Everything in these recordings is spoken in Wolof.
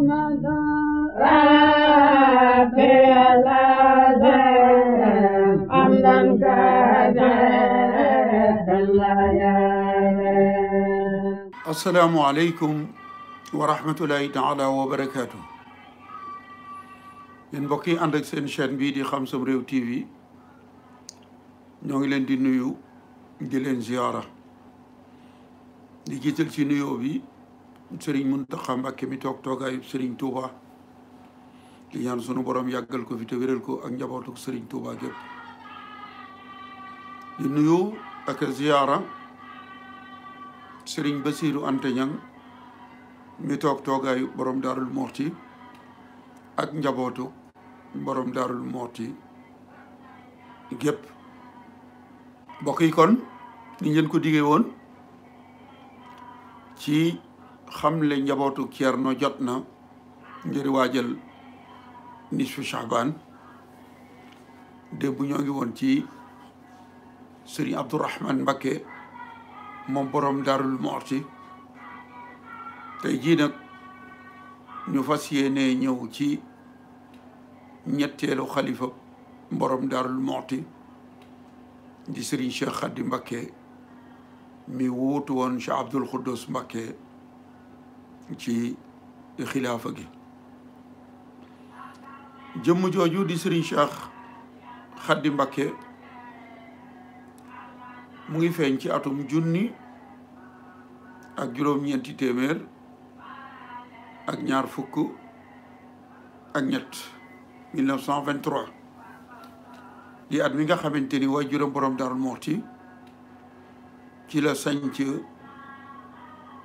السلام عليكم ورحمة الله تعالى وبركاته yéen mbokk yi ànd ak seen chaîne bii di Xam Sam Réew TV ñoo ngi leen di nuyu di leen ziyaara di jiital ci nuyoo bi sëriñ Muntaxa Mbàkke mi toog toogaayu sëriñ Touba di ñaan sunu borom yàggal ko fi te wéral ko ak njabootu sëriñ Touba gépp di nuyu ak ziyaara sëriñ Basiiru Anta Ñaŋ mi toog toogaayu borom Daarul Muxti ak njabootu borom Daarul Muxti gépp mbokk yi kon ni ngeen ko diggee woon ci xamle njabootu kierno jot na ngir waajal nisfu Shaaban démb ñoo ngi woon ci Sëriñ Abdourahman Mbakke moom borom darul morti tey jii nag ñu fas yéene ñëw ci ñetteelu xalifa borom darul morti di Sëriñ Cheikh Xaddi Mbakke mi wuutu woon Cheikh Abdoul Khoudous Mbakke ci khilafa gi jëm joju di Serigne Cheikh khaddi mbake mu ngi feñ ci atum junni ak juroom ñenti témèr ak ñaar fukk ak ñett 1923 di at mi nga xamanteni way juroom borom Darou morti ci la ci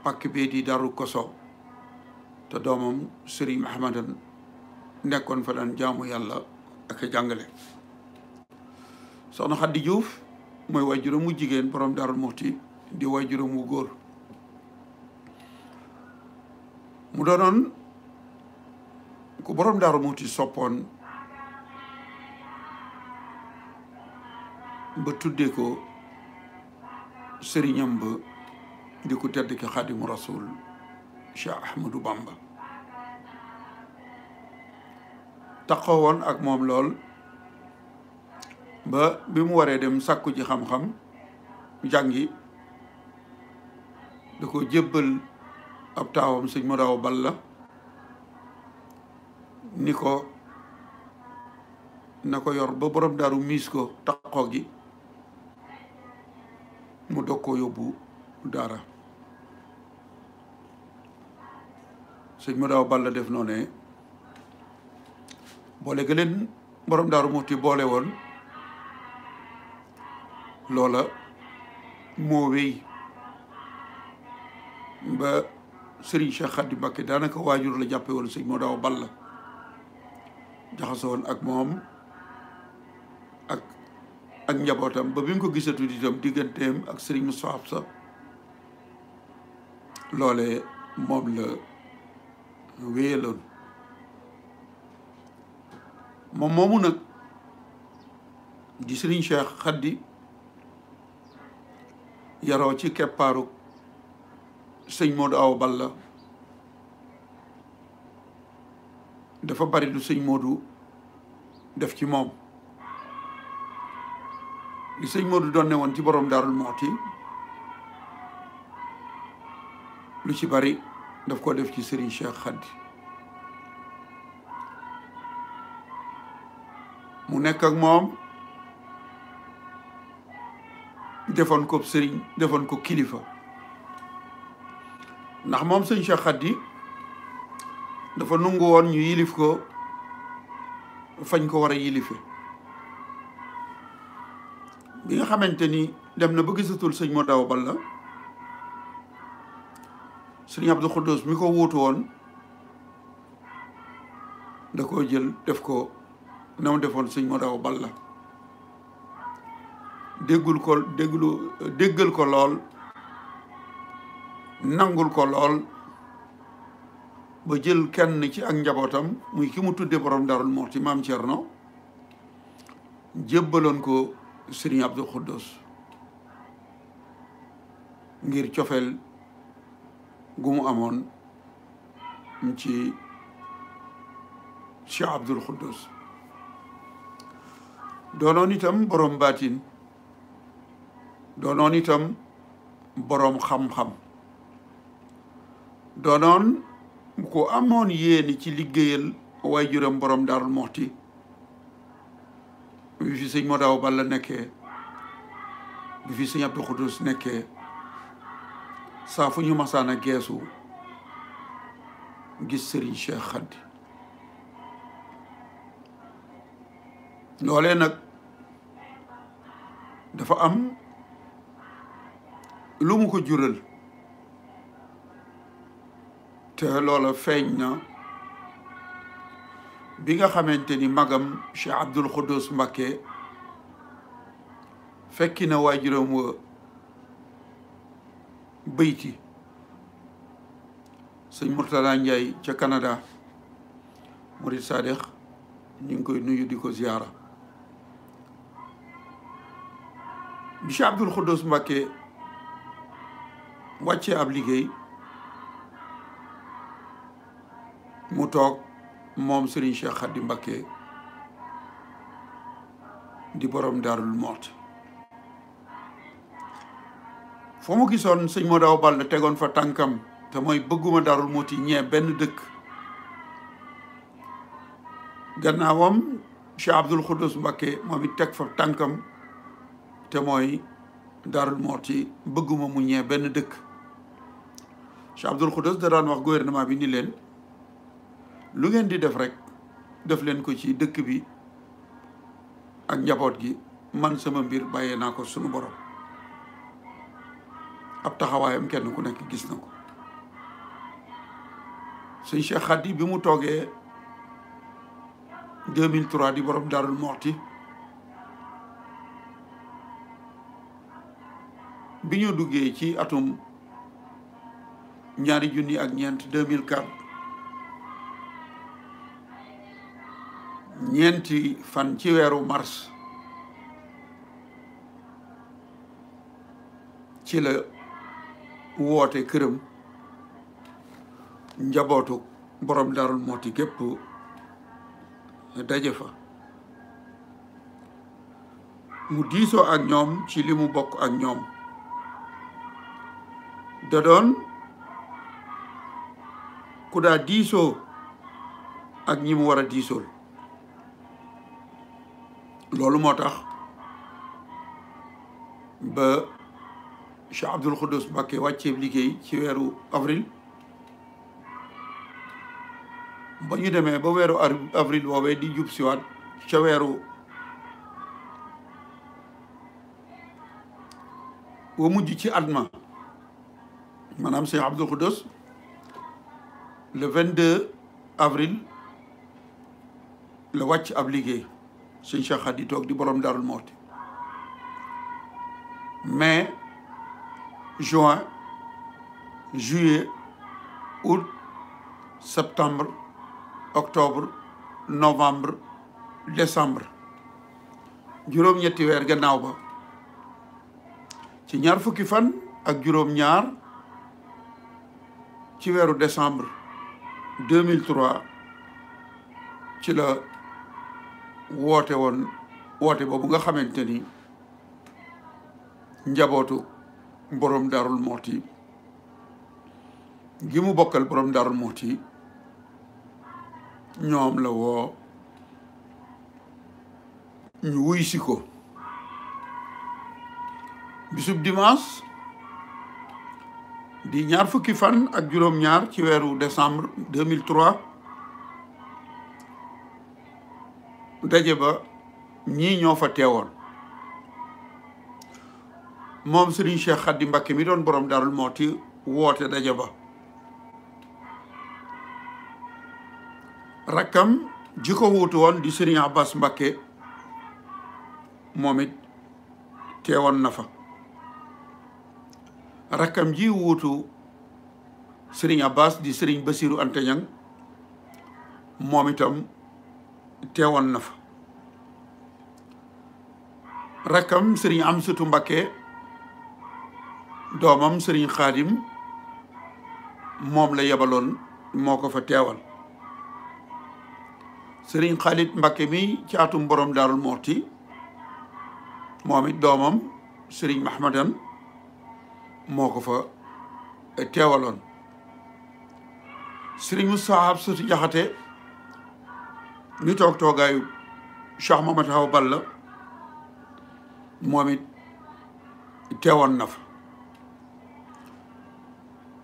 pak bi di daru Koso te doomam Serigne mahamadan nekkoon fa daan jaamu yàlla ak a jàngale soxna xaddi juuf mooy mujigen mu jigéen borom daarul muxti di waajuram mu góor mu doonoon ku borom daarul muxti soppoon ba tuddee ko sëriñam ba di ko tedd ki xaadimu rasul Cheikh Ahmadou Bamba taxaw woon ak moom lool ba bi mu waree dem sàkku ji xam-xam jàngi da ko jébbal ab taawam sëñ mu daaw bal la ni ko na ko yor ba borom daru miis ko taxaw gi mu dog ko yóbbu daara sëñ mu daaw bal la def noonu boole ga leen borom daaru muxti boole woon loola moo wéy ba Serigne Cheikh Khady Mbacké daanaka waajur la jàppe woon sëñ moo daaw bal la jaxasoo ak moom ak ak njabootam ba bi mu ko gisatu di digganteem ak Serigne Moussa sa loole moom la wéyaloon moom moomu nag di Serigne Cheikh Khady yaroo ci keppaaru sëñ moodu aw bal la dafa bari lu sëñ Modou def ci moom li sëñ Modou doon ne woon ci borom Daarul Mooti lu ci bari daf ko def ci Serigne Cheikh xaddi mu nekk ak moom defoon ko sëriñ defoon ko kilifa ndax moom sëñ Cheikh Khady dafa nungu woon ñu yilif ko fañ ko war a yilife bi nga xamante ni dem na ba gisatul sëñ moo daw bal la sëñ Abdou Khoudous mi ko wuutu woon da koo jël def ko na mu defoon sëñ moo daw bal la déggul ko dégglu déggal ko lool nangul ko lool ba jël kenn ci ak njabootam muy ki mu tudde borom darul moxti maam Cerno jébbaloon ko sëriñ Abdou Khoudous ngir cofeel gu mu amoon ci Cheikh Abdoul Khoudous doonoon itam boroom baatin doonoon itam boroom xam-xam doonoon ku amoon yéeni ci liggéeyal waajuram boroom daarul moxti bi fi sëñ Modaaw Balla nekkee bi fi sëñ Abdou Xudus nekkee saa fu ñu masaan a geesu gis sëriñ Cheikh Xaddi loolee nag dafa am lu mu ko jural te loola feeñ na bi nga xamante ni magam Cheikh Abdoul Khoudous Mbacké fekki na waajuram wa bayti sëñ Mourtala Ndiaye ca Canada Mourid Sadikh ñu ngi koy nuyu di ko ziyaara monsieur Abdoul Khoudous mbake wàccee ab liggéey mu toog moom Serigne Cheikh Khady mbake di borom Daarul Moot foo mu seigne sëñ moo daaw bal na tegoon fa tànkam te mooy bëgguma Daarul Moot yi ñee benn dëkk gannaawam Cheikh Abdoul Khoudous Mbacké moom it fa tànkam te mooy daarul mooti bëgguma mu ñee benn dëkk Cheikh Abdoul Khoudous da wax gouvernement bi ni leen lu ngeen di def rek def leen ko ci dëkk bi ak njaboot gi man sama mbir bàyyee naa ko sunu borom ab taxawaayam kenn ku nekk gis na ko suñ Cheikh Khady bi mu toogee 2003 di borom daarul mooti bi ñu duggee ci atum ñaari junni ak ñeent 2004 ñeenti fan ci weeru mars ci la woote këram njabootu borom moo Mouhty gépp daje fa mu diisoo ak ñoom ci li mu bokk ak ñoom da doon ku daa diisoo ak ñi mu war a diisool loolu moo tax ba Cheikh Abdoul Khoudous Mbacké wàcceeb liggéey ci weeru avril ba demee ba weeru avril woowee di jub siwaat ca weeru wa mujj ci at Madame Cheikh Abdou Khoudous le 22 avril le Watch ab liggéey sëñ Cheikh Khady toog di borom Darul Morti. mai juin juillet août septembre octobre novembre décembre juróom-ñetti weer gannaaw ba ci ñaar fukki fan ak juróom-ñaar. ci weeru décembre 2003 ci la woote woon woote boobu nga xamante ni njabootu borom Darou Mouhty gi mu bokkal borom Darou Mouhty ñoom la woo ñu wuy si ko bisub dimanche di ñaar fukki fan ak juróom-ñaar ci weeru décembre 2003 daje ba ñii ñoo fa teewoon moom Serigne Cheikh Khady Mbacké mi doon borom moo Mouhty woote daje ba rakam ji ko woon di Serigne Abbas mbakke moom it teewoon na rakkam ji wuutu sëriñ Abbas di sëriñ Basiru Anta Ñang moom itam teewoon na fa rakkam sëriñ Amsatu Mbakke doomam sëriñ Xaadim moom la yebaloon moo ko fa teewal sëriñ xalit Mbakke mi ci atum borom Daarul Mooti moom it doomam sëriñ Mahmadan موكفا تيوالون سيرين صاحب سوتي جاخاتي ني توك توغايو شيخ محمد هاو بالا موميت تيوان ناف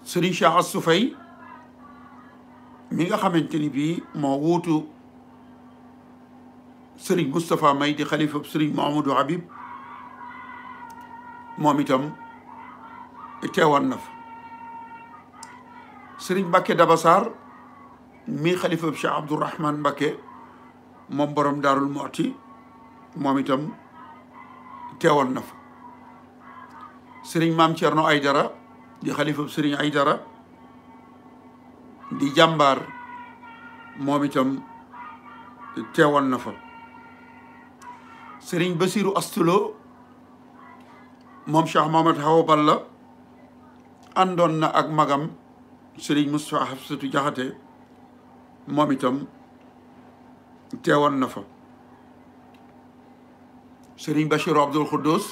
سيرين شيخ الصفي ميغا خامتيني بي مو ووتو سيرين مصطفى مايدي خليفه سيرين محمود حبيب مومي teewaan na fa sëriñ Mbacke Dabassar mii xalifa Cheikh Abdourahman Mbacke moom borom darul mooti moom itam teewal na fa sëriñ maam Thierno Aydara di xalifa sëriñ Aydara di jambar moom itam teewal na fa sëriñ Basiru Astulo moom Cheikh Mahamad Hawa àndoon na ak magam sëriñ Moustapha Hafsatu Jaxate moom itam teewoon na fa sëriñ Bachir Abdul Xuddus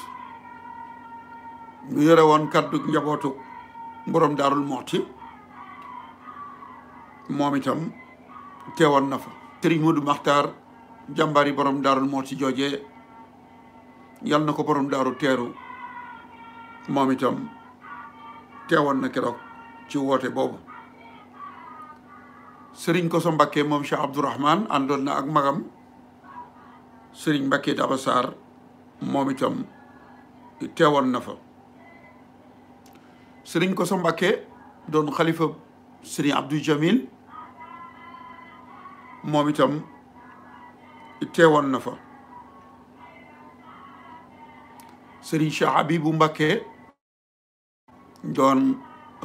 ñu yore woon kaddu njabootu borom daarul moxti moom itam teewoon na fa sëriñ Modou Maxtaar jàmbaari borom daarul moxti joojee yal na ko borom daaru teeru moom teewoon na keroog ci woote boobu sëriñ Koso Mbakke moom Cheikh Abdourahman àndoon na ak magam sëriñ Mbakke Daba Sarr moom itam teewoon na fa sëriñ Koso Mbakke doon xalifa sëriñ Abdou Jamil moom itam teewoon na fa sëriñ Cheikh Habibou Mbakke doon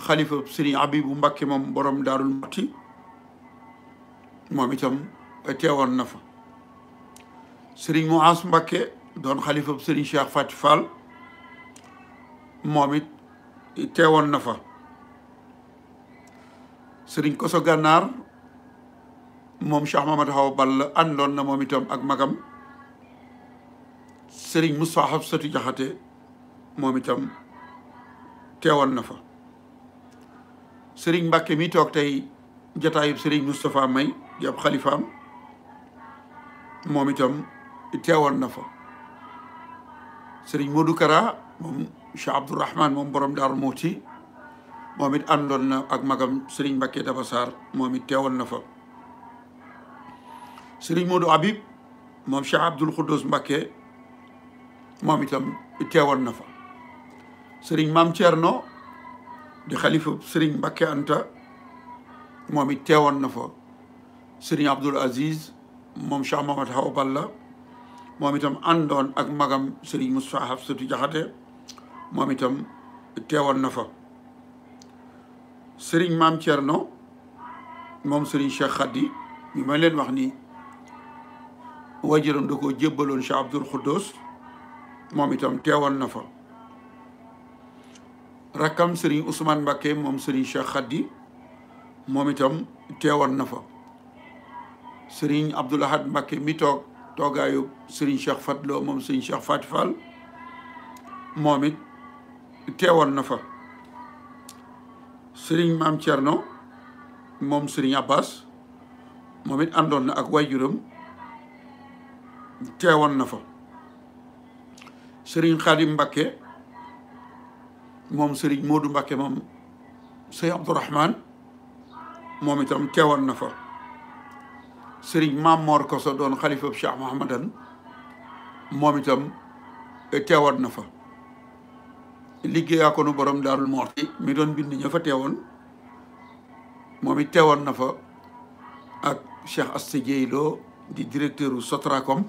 xalifa sëriñ Abibu Mbàkke moom borom daarul Muxti moom itam teewoon na fa sëriñ Muaas Mbàkke doon xalifa sëriñ Cheikh Fati Fall moom it teewoon na fa sëriñ Koso Gànnaar moom Cheikh Mamad Hawa Ball àndoon na moom ak magam sëriñ Moussa Hafsatu Jaxate moom itam teewoon na fa sëriñ Mbàkke mi toog tey jataayub sëriñ Moustapha May jab ab xalifaam moom itam teewoon na fa sëriñ Modou Kara moom Cheikh Abdourahman moom borom Daaru Muhti moom it àndoon na ak magam sëriñ Mbàkke Daba Sarr moom it teewoon na fa sëriñ Modou Habib moom Cheikh Abdoul Khoudous Mbàkke moom itam teewoon na fa sëriñ maam Thierno di xalifa sëriñ Mbakke Anta moom it teewoon na fa sëriñ Abdul Aziz moom Cheikh Mamad Hawa Balla moom itam àndoon ak magam sëriñ Moustapha Hafsatu Jaxate moom itam na fa sëriñ maam moom sëriñ Cheikh Khadi ñu ma leen wax ni wajuram da koo jébbaloon Cheikh Abdoul moom itam teewoon na fa rakam Serigne Ousmane Mbacké mom Serigne Cheikh Khady moom itam teewoon na fa Serigne Abdoul Ahad Mbacké mi toog toogaayu Serigne Cheikh Fatloo mom Serigne Cheikh Faty Fall it Serigne Maam Thierno moom Serigne Abbas momit it àndoon na ak waajuram teewon nafa fa Serigne Khadim Mbacké moom Serigne Modou Mbacké moom Sey Abdourahman moom itam teewoon na fa Serigne Maam Mor Koso doon xalifa Cheikh Mahamadan moom itam teewoon na fa liggéeyaa ko nu borom Daarul Muxti mi doon bind ña fa teewoon moom it teewoon na fa ak Cheikh Asta Dieye Lo di directeur u Sotracom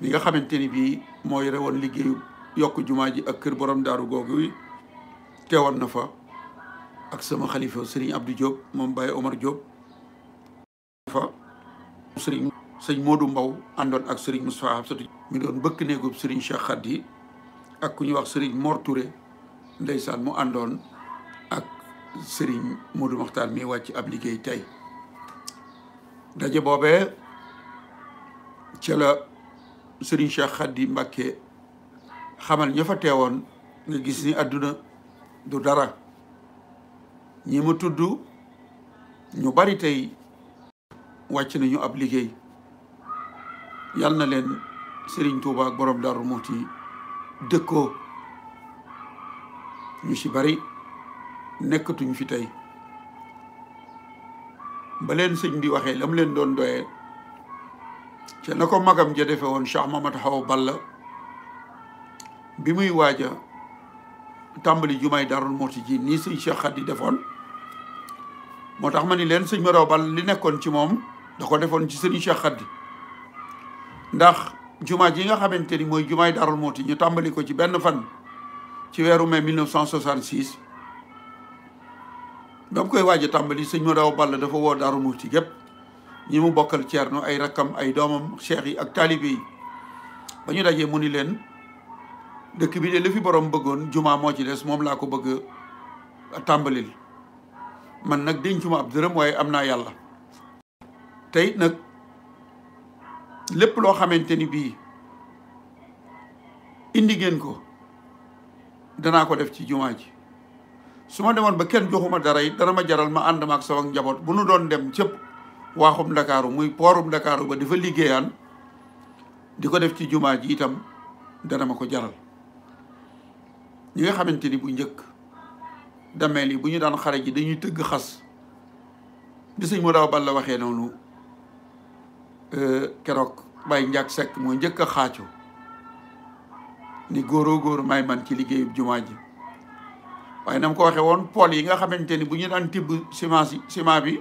mi nga xamante ni bii moo yore woon liggéeyu yok jumaaji ak kër borom daaru googu wi teewon na fa ak sama xalifa serigne Abdou Diop mom Baye Omar Diop fa serigne serigne Modou mbaw andon ak serigne Moustapha Absatou mi doon bëkk neegu serigne Cheikh Khady ak ku ñuy wax serigne Mor Touré ndeysaan mu andon ak serigne Modou Mokhtar mi wàcc ab liggéey tey daje boobee ci la serigne Cheikh xamal ña fa teewoon nga gis ni àdduna du dara ñi mu tudd ñu bari tey wàcc nañu ab liggéey yal na leen Serigne Touba borom borom Darou yi dëkkoo ñu ci bari nekkatuñ fi tey ba leen sëñ bi waxee la mu leen doon doyee ca na ko magam ja defe woon Cheikh Mamadou Hawa Balla bi muy waaj a tàmbali jumaay Daarul Muhti ji nii sëñ Cheikh Khady defoon moo tax ma ni leen sëñ Maraw Bal li nekkoon ci moom da ko defoon ci sëñ Cheikh Khady ndax jumaa ji nga xamante ni mooy jumaay Daarul Muhti ñu tàmbali ko ci benn fan ci weeru mai 1966 ba mu koy waaja a tàmbali sëñ Maraw Bal dafa woo Daarul Muhti gépp ñi mu bokkal Ceerno ay rakkam ay doomam cheikh yi ak taalibe yi ba ñu dajee mu ni leen dëkk bi de li fi borom bëggoon jumaa moo ci des moom laa ko bëgg a tàmbalil man nag dencuma ab dërëm waaye am naa yàlla tey nag lépp loo xamante ni bii indi ngeen ko danaa ko def ci jumaa ji su ma demoon ba kenn joxuma dara it dana ma jaral ma ànd ma ak sama njaboot bu nu doon dem cëpp waaxum ndakaaru muy poorum ndakaaru ba di fa liggéeyaan di ko def ci jumaa ji itam dana ma ko jaral ñi nga xamante ni bu njëkk dameel yi bu ñu daan xare ji dañuy tëgg xas di sëñ mu daaw bal la waxee noonu euh, keroog bay Ndiak Seck moo njëkk a xaajo ni góoroo góor may man ci liggéeyub jumaa ji waaye nam ko waxee woon pôle yi nga xamante ni bu ñu daan tibb ciment si bi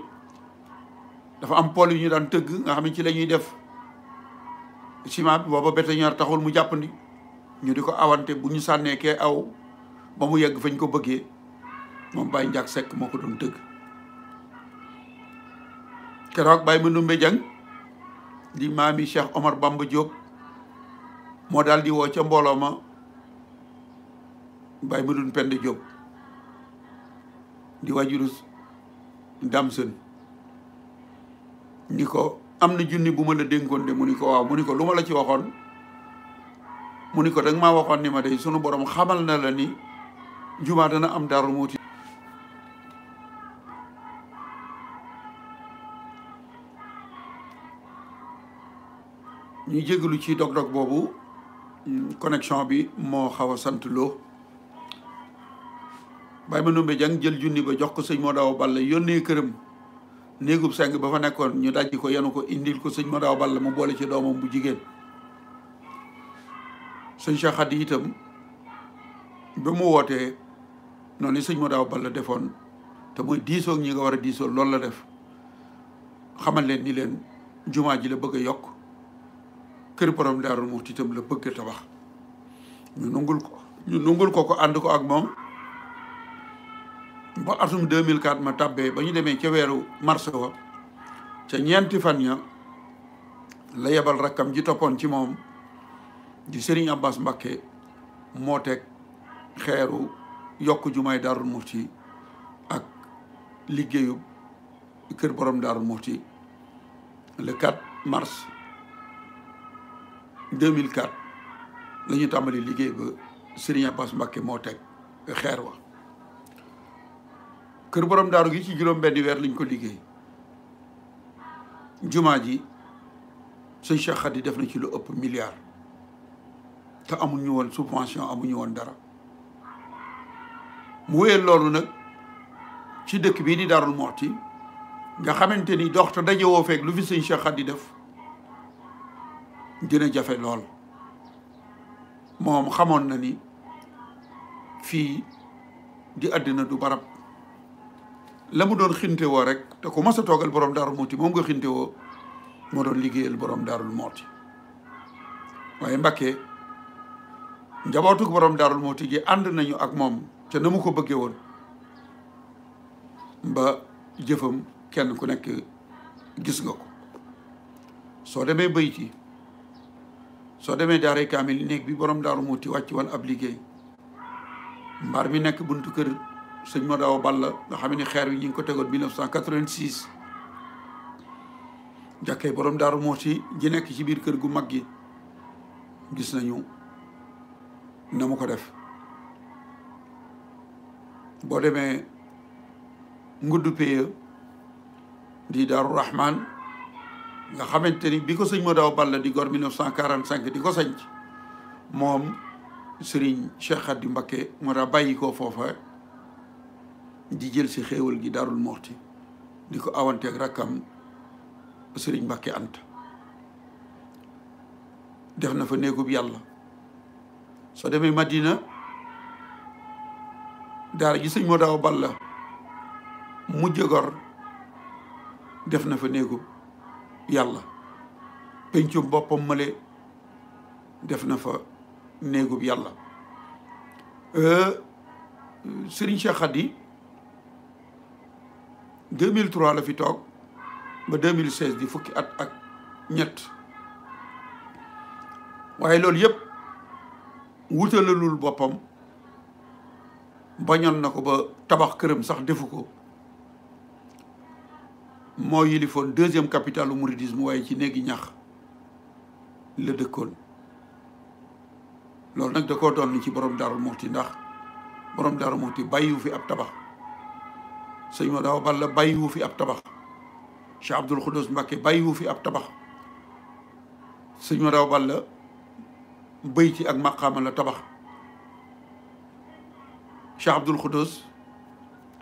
dafa am pôle yu ñu daan tëgg nga xam ne ci lañuy def ciment bi booba bétañor taxul mu jàppandi ñu di ko awante bu ñu sànnee kee aw ba mu yegg fañ ko bëggé mom bay Ndiak Seck moko doon dëgg bay mu numbe jang di mami Cheikh Omar Bamba Diop mo dal di wo ca mbolo ma mu Mandoumbe pend Diop di wajuru Damson niko ko am na bu meuna la de muniko ni ko waaw mu ni ko la ci waxon muniko ni ma waxon ni ma day sunu borom xamal na la ni jumaa dana am daaru muuti ñu jégalu ci dog-dog boobu connexion bi moo xaw a sant loo bàyyi ma numbe jàng jël junni ba jox ko sëñ moo daaw balla yónnee këram néegub seng ba fa nekkoon ñu dajji ko yenu ko indil ko sëñ moo daaw balla mu boole ci doomam bu jigéen sëñ Cheikh Khady itam ba mu wootee noonu li sëñ moo daaw bal la defoon te muy diisoo ñi nga war a diisoo loolu la def xamal leen ni leen jumaa ji la bëgg a yokk kër borom daarul muxti itam la bëgg a tabax ñu nungul ko ñu ko ko ànd ko ak moom ba atum 2004 ma tàbbee ba ñu demee ca weeru mars wa ca ñeenti fan ya la yebal rakkam ji toppoon ci moom di sëriñ Abbas Mbakke moo teg xeeru yokk jumaay darul mufti ak liggéeyu keur borom darul mufti le 4 mars 2004 lañu tambali liggey ba Serigne Abbas Mbacké mo tek xeer wa keur borom daru gi ci juroom benn weer liñ ko liggey juma ji sëñ Cheikh xadi def na ci lu ëpp milliard te amuñu won subvention amuñu won dara موي لولو نك سي دك بي دي دار الموتي غا خامتيني دوخت داجي وو فيك لو في سيغ شيخ خدي ديف دينا جافي لول موم خامون ناني في دي ادنا دو برب لامو دون خنتي وو رك تكو مسا توغال بروم دار الموتي موم غا خنتي وو مو دون ليغيال بروم دار الموتي واي مباكي njabootug borom daarul mooti gi ànd nañu ak moom ca na mu ko bëggee woon ba jëfam kenn ku nekk gis nga ko soo demee bëy ci soo demee daaray kaamil néeg bi borom daaru moo ti wàcc woon ab liggéey mbaar mi nekk buntu kër sëñ ma daaw balla nga xam ne xeer bi ñu ngi ko tegoon 1986 jàkkee borom daaru muuti ji nekk ci biir kër gu mag gi gis nañu na mu ko def boo demee nguddu peye di daaru rahman nga xamante ni bi ko sëñ Modou Awa Balla di gor 1945 di ko sañc moom sëriñ Cheikh Khady mbakke moo daa bàyyi ko foofa di jël si xéewal gi daarul moxti di ko awanteeg rakkam sëriñ Mbacké Anta def na fa néegub yàlla soo demee Madina daara ji sëñ moo daaw bal la mujj gor def na fa néegu yàlla pencum boppam male def na fa néegub yàlla euh, sëriñ Cheikh Khady 2003 la fi toog ba 2016 di fukki at ak ñett waaye loolu yëpp wutalalul boppam bañon nako ba tabax kërëm sax defuko mo yilifon deuxième capitale mouridisme way ci néegi ñax la dëkkoon lool nak da ko don ci borom daaru muxti ndax borom daaru muxti bàyyiwu fi ab tabax seigne mo daaw balla bàyyiwu fi ab tabax Cheikh Abdoul khodous Mbacké bàyyiwu fi ab tabax seigne mo daaw balla bëy ci ak maqama la tabax Cheikh Abdoul Khoudous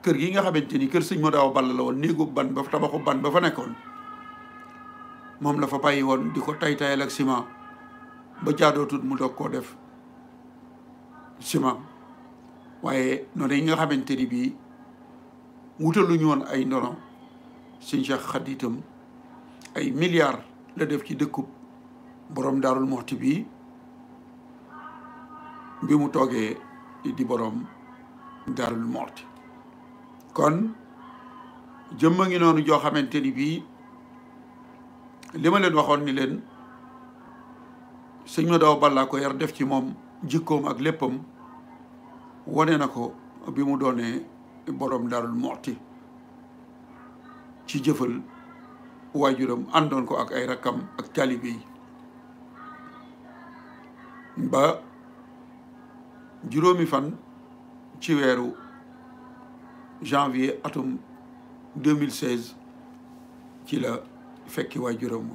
kër gi nga xamante ni kër sëñ Modou Awa Balla la woon néegu ban ba tabaxu ban ba fa nekkoon moom la fa bàyyi woon di ko tay tayal ak ciment ba jaadootut mu doog koo def ciment waaye noonu yi nga xamante ni bii ñu woon ay ndono sëñ Cheikh Khady ay milliards la def ci dëkkub boroom Daarul moxti bi bi mu toogee di borom. daarul mooti kon jëmm a ngi noonu joo xamante ni bii li leen waxoon ni leen sëñ ma daw ballaa ko yar def ci moom jikkoom ak léppam wane na ko bi mu doonee boroom daarul morti ci jëfal waajuram àndoon ko ak ay rakkam ak taalibe yi ba juróomi fan ci weeru janvier atum 2016 ci la fekki waajuram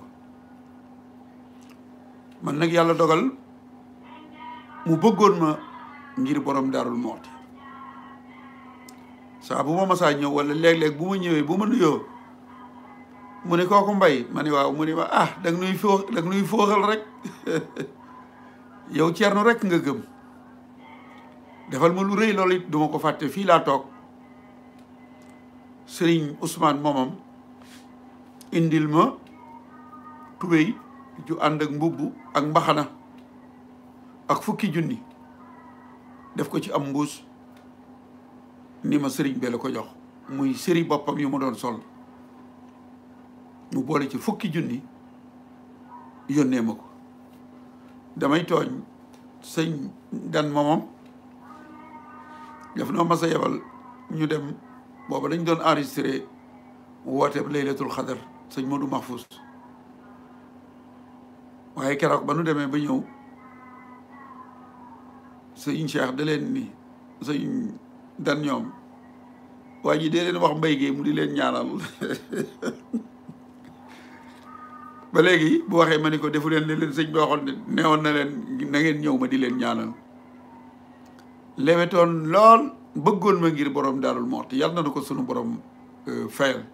man nag yàlla dogal mu bëggoon ma ngir borom daarul moxti saa bu ma masaa ñëw wala léeg-léeg bu ma ñëwee bu ma nuyoo mu ne kooku mbay ma ne waaw mu ne ma ah danga nuy foo danga nuy fooxal rek yow ceerno rek nga gëm defal ma lu rëy lolou it duma ko fatte fi la tok serigne Ousmane momam indil ma tubey ju and ak mbubb ak mbaxana ak fukki jundi def ko ci am mbous ni ma serigne bel ko jox muy sëri bopam yu ma don sol mu bolé ci fukki jundi yonne mako damay togn serigne dan momom def na mas yebal ñu dem booba dañ doon enregistré la laylatul xadar sëñ Modou Mahfous waaye keroog ba nu demee ba ñëw sëñ Cheikh da leen ni sëñ dan ñoom waa ji leen wax mbay gee mu di leen ñaanal ba léegi bu waxee ma ni ko defu leen li leen sëñ bi waxoon ne neewoon na leen na ñëw ma di leen ñaanal lewetoon lool bëggoon ma ngir borom daarul moxti yal na ko sunu borom euh, fayal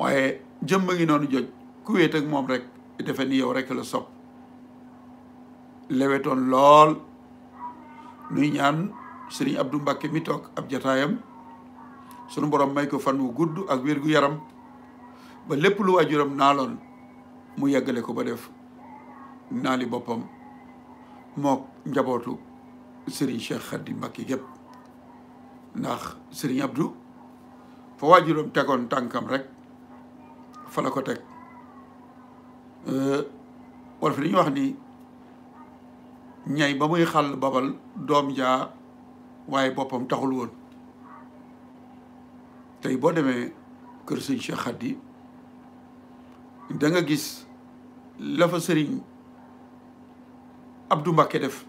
waaye jëmba ma ngi noonu joj ku wéet moom rek defe ni yow rek la sopp lewetoon lool nuy ñaan sëriñ Abdou Mbacke mi toog ab jataayam sunu borom may ko fan wu gudd ak wér gu yaram ba lépp lu waajuram naaloon mu yeggale ko ba def naali boppam mook njabootu Serigne Cheikh Khady Mbacké gépp ndax Serigne abdu fa waajuram tegoon tànkam rek fa la ko teg wala fi li ñu wax ni ñay ba muy xal babal doom jaa waaye boppam taxul woon tey boo demee kër sëñ Cheikh Khady da nga gis la fa sëriñ Abdou Mbacké def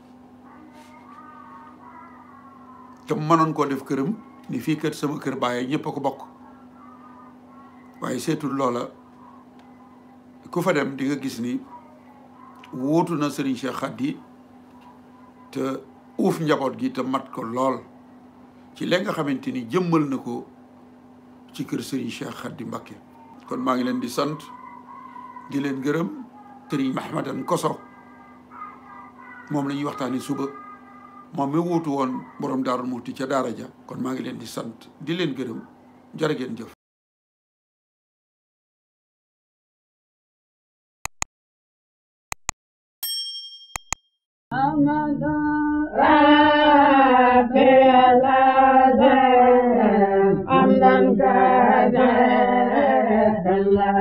te mu koo def këram ni fii kër sama kër bàyyi ñëpp ko bokk waaye seetul loola ku fa dem di nga gis ni wóotu na sëriñ Cheikh Khady te uuf njaboot gi te mat ko lool ci li nga xamante ni jëmmal na ko ci kër Serigne Cheikh Khady mbakki kon maa ngi leen di sant di leen gërëm Serigne Mahmadan Koso moom lañuy waxtaani suba mom mi wutu won borom daru muti ci dara ja kon ma ngi len di sante di len gëreum jaragen jëf Allah